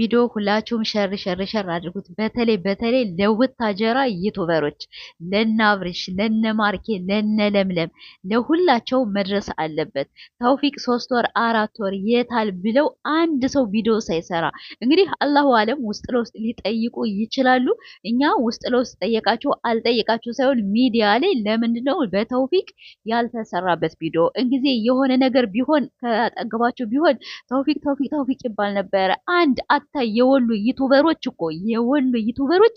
ቪዲዮ ሁላችሁም ሸር ሸር ሸር አድርጉት። በተለይ በተለይ ለውታጀራ ዩቱበሮች ለነ ለነማርኬ ለነ ማርኬ፣ ለነ ለምለም ለሁላቸው መድረስ አለበት። ተውፊቅ ሶስት ወር አራት ወር የታል ብለው አንድ ሰው ቪዲዮ ሳይሰራ እንግዲህ አላሁ አለም ውስጥ ለውስጥ ሊጠይቁ ይችላሉ። እኛ ውስጥ ለውስጥ ጠየቃችሁ አልጠየቃችሁ ሳይሆን ሚዲያ ላይ ለምንድን ነው በተውፊቅ ያልተሰራበት ቪዲዮ? እንጊዜ የሆነ ነገር ቢሆን ከጠገባችሁ ቢሆን ተውፊቅ ተውፊቅ ተውፊቅ ይባል ነበረ አንድ በርካታ የወሎ ዩቱበሮች እኮ የወሎ ዩቱበሮች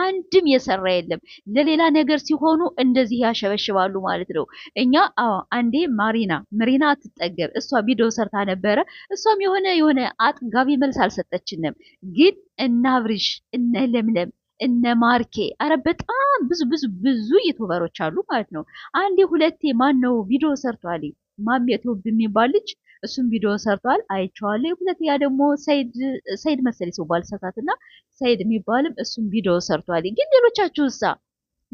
አንድም የሰራ የለም። ለሌላ ነገር ሲሆኑ እንደዚህ ያሸበሽባሉ ማለት ነው። እኛ አዎ አንዴ ማሪና መሪና አትጠገብ እሷ ቪዲዮ ሰርታ ነበረ። እሷም የሆነ የሆነ አጥጋቢ መልስ አልሰጠችንም። ግን እነ አብርሽ እነ ለምለም እነ ማርኬ አረ በጣም ብዙ ብዙ ብዙ ዩቱበሮች አሉ ማለት ነው። አንዴ ሁለቴ ማን ነው ቪዲዮ ሰርቷል ማሜ ቶብ የሚባል ልጅ እሱም ቪዲዮ ሰርቷል አይቼዋለሁ። ሁለተኛ ደግሞ ሰይድ ሰይድ መሰለኝ ሰው ባልሳሳት እና ሰይድ የሚባልም እሱም ቪዲዮ ሰርቷል። ግን ሌሎቻችሁ እሳ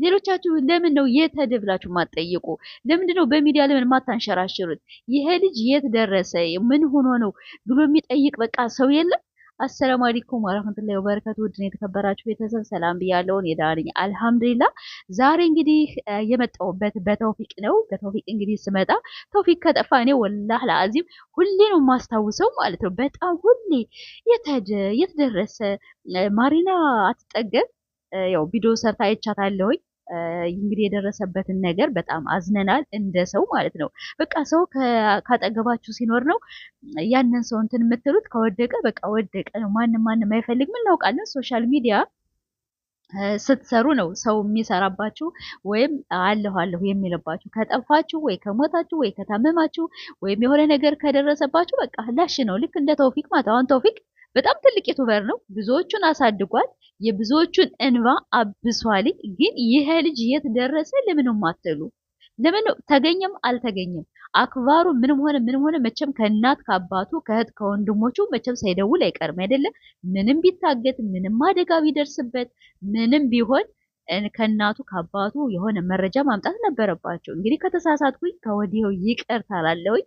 ሌሎቻችሁ ለምን ነው የት ሄደ ብላችሁ ማትጠይቁ? ለምንድን ነው በሚዲያ ለምን ማታንሸራሽሩት? ይሄ ልጅ የት ደረሰ ምን ሆኖ ነው ብሎ የሚጠይቅ በቃ ሰው የለም። አሰላሙ አለይኩም ወራህመቱላሂ ወበረካቱ። ውድ የተከበራችሁ ቤተሰብ ሰላም ብያለሁ። እኔ ደህና ነኝ አልሐምዱሊላ። ዛሬ እንግዲህ የመጣሁበት በተውፊቅ ነው። በተውፊቅ እንግዲህ ስመጣ ተውፊቅ ከጠፋ እኔ ወላህ ለአዚም ሁሌ ነው የማስታውሰው ማለት ነው። በጣም ሁሌ የተደ የተደረሰ ማሪና አትጠገብ ያው ቪዲዮ ሰርታ አይቻታለሁኝ እንግዲህ የደረሰበትን ነገር በጣም አዝነናል፣ እንደ ሰው ማለት ነው። በቃ ሰው ካጠገባችሁ ሲኖር ነው ያንን ሰው እንትን የምትሉት። ከወደቀ በቃ ወደቀ ነው። ማንም ማንም አይፈልግም፣ እናውቃለን። ሶሻል ሚዲያ ስትሰሩ ነው ሰው የሚሰራባችሁ ወይም አለሁ አለሁ የሚልባችሁ። ከጠፋችሁ ወይ ከሞታችሁ ወይ ከታመማችሁ ወይም የሆነ ነገር ከደረሰባችሁ በቃ ላሽ ነው። ልክ እንደ ተውፊቅ ማለት አሁን ተውፊቅ በጣም ትልቅ ዩቱበር ነው። ብዙዎቹን አሳድጓል። የብዙዎቹን እንባ አብሷል። ግን ይሄ ልጅ የት ደረሰ? ለምን ማትሉ ለምን ተገኘም አልተገኘም አክባሩ ምንም ሆነ ምንም ሆነ መቼም ከእናት ከአባቱ ከእህት ከወንድሞቹ መቼም ሳይደውል አይቀርም አይደለም። ምንም ቢታገት ምንም አደጋ ቢደርስበት ምንም ቢሆን ከእናቱ ከአባቱ የሆነ መረጃ ማምጣት ነበረባቸው። እንግዲህ ከተሳሳትኩኝ ከወዲሁ ይቅርታ እላለሁኝ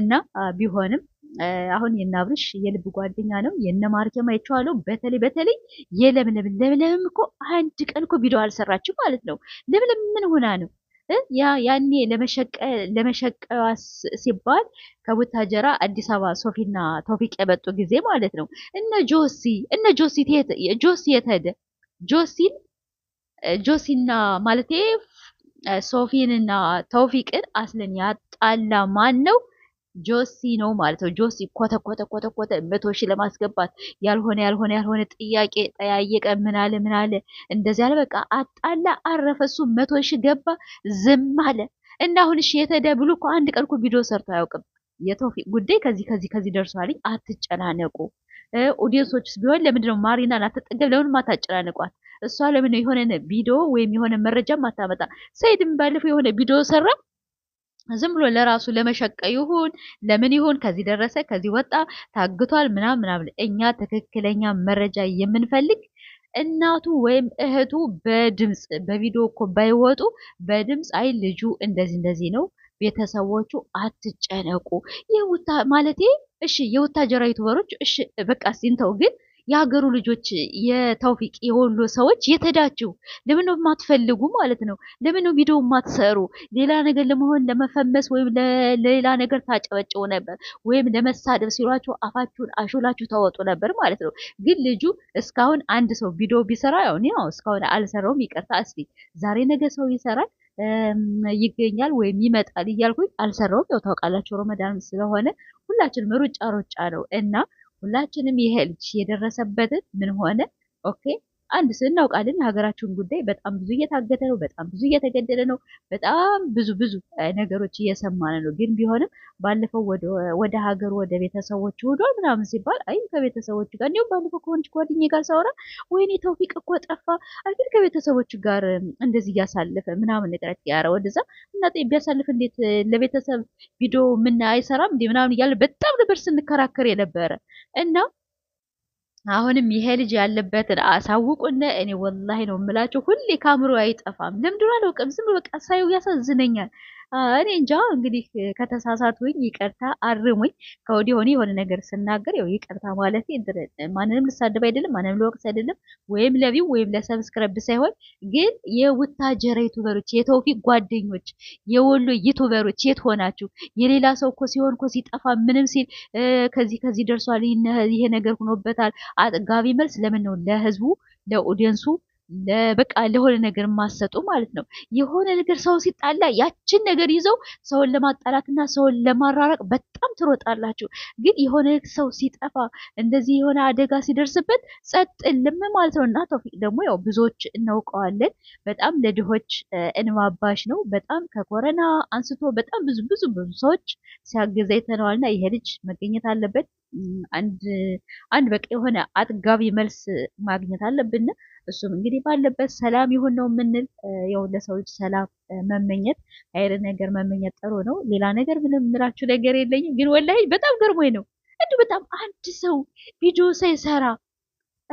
እና ቢሆንም አሁን የናብርሽ የልብ ጓደኛ ነው። የነ ማርኬም አይቼዋለሁ። በተለይ በተለይ የለምለም ለምለም እኮ አንድ ቀን እኮ ቪዲዮ አልሰራችም ማለት ነው። ለምለም ምን ሆና ነው? ያ ያኔ ለመሸቀ ለመሸቀዋ ሲባል ከቡታጀራ አዲስ አበባ ሶፊና ቶፊቅ የመጡ ጊዜ ማለት ነው። እነ ጆሲ እነ ጆሲ ጆሲ የት ሄደ? ጆሲን ጆሲና ማለቴ ሶፊንና ቶፊቅን አስለን ያጣላ ማን ነው? ጆሲ ነው ማለት ነው። ጆሲ ኮተ ኮተ ኮተ ኮተ መቶ ሺህ ለማስገባት ያልሆነ ያልሆነ ያልሆነ ጥያቄ ጠያየቀ። ምን አለ ምን አለ እንደዚህ አለ። በቃ አጣላ አረፈ። እሱ መቶ ሺህ ገባ፣ ዝም አለ እና አሁን እሺ የተደብሉ ብሎ እኮ አንድ ቀን እኮ ቪዲዮ ሰርቶ አያውቅም። የተውፊቅ ጉዳይ ከዚህ ከዚህ ከዚህ ደርሷልኝ፣ አትጨናነቁ። ኦዲየንሶችስ ቢሆን ለምንድን ነው ማሪና አትጠገብ? ለምን አታጨናንቋት። እሷ ለምን የሆነ ቪዲዮ ወይም የሆነ መረጃ ማታመጣ? ሰይድም ባለፈው የሆነ ቪዲዮ ሰራ ዝም ብሎ ለራሱ ለመሸቀ ይሁን ለምን ይሁን ከዚህ ደረሰ ከዚህ ወጣ ታግቷል ምናምን ምናምን እኛ ትክክለኛ መረጃ የምንፈልግ እናቱ ወይም እህቱ በድምፅ በቪዲዮ እኮ ባይወጡ በድምፅ አይ ልጁ እንደዚህ እንደዚህ ነው ቤተሰቦቹ አትጨነቁ። ይህ ማለቴ እሺ የውታጀራ ዩቱበሮች እሺ በቃ ሲንተው ግን የሀገሩ ልጆች የተውፊቅ የወሎ ሰዎች የተዳችው ለምን ነው የማትፈልጉ ማለት ነው? ለምን ነው ቪዲዮ የማትሰሩ? ሌላ ነገር ለመሆን ለመፈመስ ወይም ለሌላ ነገር ታጨበጭቡ ነበር፣ ወይም ለመሳደብ ሲሏቸው አፋችሁን አሾላችሁ ታወጡ ነበር ማለት ነው። ግን ልጁ እስካሁን አንድ ሰው ቪዲዮ ቢሰራ ያው ነው እስካሁን አልሰራውም፣ ይቅርታ እስኪ ዛሬ ነገ ሰው ይሰራል ይገኛል ወይም ይመጣል እያልኩኝ አልሰራውም። ያው ታውቃላችሁ ረመዳን ስለሆነ ሁላችንም ሩጫ ሩጫ ነው እና ሁላችንም ይሄ ልጅ የደረሰበትን ምን ሆነ ኦኬ አንድ ስናውቃለን ሀገራችን የሀገራችን ጉዳይ በጣም ብዙ እየታገተ ነው። በጣም ብዙ እየተገደለ ነው። በጣም ብዙ ብዙ ነገሮች እየሰማን ነው። ግን ቢሆንም ባለፈው ወደ ሀገር ወደ ቤተሰቦች ሄዷል ምናምን ሲባል አይ ከቤተሰቦች ጋር እንዲሁም ባለፈው ከሆነች ጓደኛዬ ጋር ሳወራ ወይኔ ተውፊቅ እኮ ጠፋ አይደል ከቤተሰቦች ጋር እንደዚህ እያሳለፈ ምናምን ነገር ያረ ወደዛ እና ቢያሳልፍ እንዴት ለቤተሰብ ቪዲዮ ምን አይሰራም እንዲ ምናምን እያለ በጣም ነበር ስንከራከር የነበረ እና አሁንም ይሄ ልጅ ያለበትን አሳውቁና፣ እኔ ወላሂ ነው የምላቸው ሁሌ ካምሮ አይጠፋም። ለምንድን ነው አላውቅም፣ ዝም በቃ ሳየው ያሳዝነኛል። እኔ እንጃ እንግዲህ ከተሳሳቱኝ ይቅርታ አርሙኝ። ከወዲህ ሆነ የሆነ ነገር ስናገር ያው ይቅርታ ማለት ማንንም ልሳደብ አይደለም፣ ማንንም ልወቅስ አይደለም። ወይም ለቪው ወይም ለሰብስክረብ ሳይሆን ግን የውታጀራ ዩቱበሮች፣ የተውፊቅ ጓደኞች፣ የወሎ ዩቱበሮች የት ሆናችሁ? የሌላ ሰው እኮ ሲሆን እኮ ሲጠፋ ምንም ሲል ከዚህ ከዚህ ደርሷል፣ ይሄ ነገር ሆኖበታል። አጥጋቢ መልስ ለምን ነው ለህዝቡ ለኦዲየንሱ በቃ ለሆነ ነገር ማሰጡ ማለት ነው። የሆነ ነገር ሰው ሲጣላ ያችን ነገር ይዘው ሰውን ለማጣላትና ሰውን ለማራራቅ በጣም ትሮጣላችሁ። ግን የሆነ ሰው ሲጠፋ እንደዚህ የሆነ አደጋ ሲደርስበት ጸጥ ልም ማለት ነው እና ተውፊቅ ደግሞ ያው ብዙዎች እናውቀዋለን። በጣም ለድሆች እንባባሽ ነው። በጣም ከኮረና አንስቶ በጣም ብዙ ብዙ ብዙ ሰዎች ሲያገዛ ይተነዋልና ይሄ ልጅ መገኘት አለበት። አንድ በቃ የሆነ አጥጋቢ መልስ ማግኘት አለብን። እሱም እንግዲህ ባለበት ሰላም ይሁን ነው የምንል። ያው ለሰው ልጅ ሰላም መመኘት አይር ነገር መመኘት ጥሩ ነው። ሌላ ነገር ምንም ምላችሁ ነገር የለኝም። ግን ወላሂ በጣም ገርሞኝ ነው እንዲሁ በጣም አንድ ሰው ቪዲዮ ሳይሰራ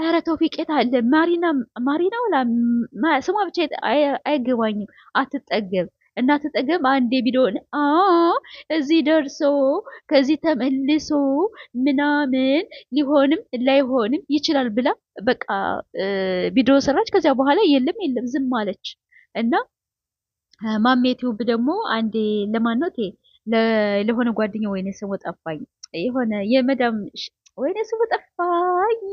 ኧረ ተውፊቄት አለ ማሪና ማሪና ስሟ ብቻ አይገባኝም አትጠገብ እናት አጠገብ አንዴ ቢዶን አ እዚህ ደርሶ ከዚህ ተመልሶ ምናምን ሊሆንም ላይሆንም ይችላል ብላ በቃ ቪዲዮ ሰራች። ከዚያ በኋላ የለም የለም ዝም አለች እና ማሜቴው ደግሞ አንዴ ለማኖቴ ለሆነ ጓደኛ ወይኔ ስሙ ጠፋኝ የሆነ የመዳም ወይኔ ስሙ ጠፋኝ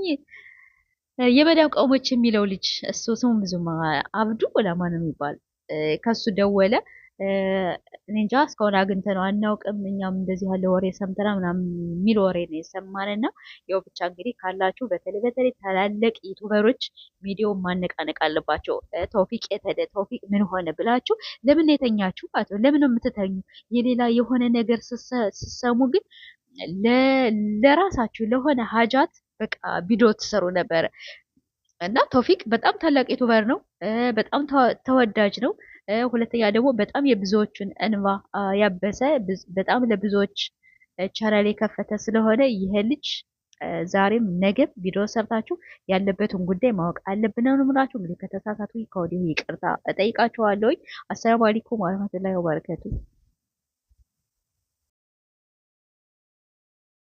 የመዳም ቀውሞች የሚለው ልጅ እሱ ስሙ ብዙም አብዱ ወላማ ነው የሚባል ከሱ ደወለ። እኔ እንጃ እስካሁን አግኝተ ነው አናውቅም። እኛም እንደዚህ ያለ ወሬ ሰምተና ምናምን የሚል ወሬ ነው የሰማን የሰማንና ያው ብቻ እንግዲህ ካላችሁ በተለይ በተለይ ታላለቅ ዩቱበሮች ሚዲያውን ማነቃነቅ አለባቸው። ተውፊቅ የተደ ተውፊቅ ምን ሆነ ብላችሁ ለምን የተኛችሁ ለምን የምትተኙ? የሌላ የሆነ ነገር ስሰሙ ግን ለራሳችሁ ለሆነ ሀጃት በቃ ቪዲዮ ትሰሩ ነበረ። እና ቶፊክ በጣም ታላቅ ዩቱበር ነው። በጣም ተወዳጅ ነው። ሁለተኛ ደግሞ በጣም የብዙዎችን እንባ ያበሰ በጣም ለብዙዎች ቻናል የከፈተ ስለሆነ ይሄ ልጅ ዛሬም ነገም ቪዲዮ ሰርታችሁ ያለበትን ጉዳይ ማወቅ አለብን ነው የምላችሁ። እንግዲህ ከተሳሳቱ ከወዲሁ ይቅርታ እጠይቃችኋለሁኝ። አሰላሙ አለይኩም ወረህመቱላሂ ወበረከቱ።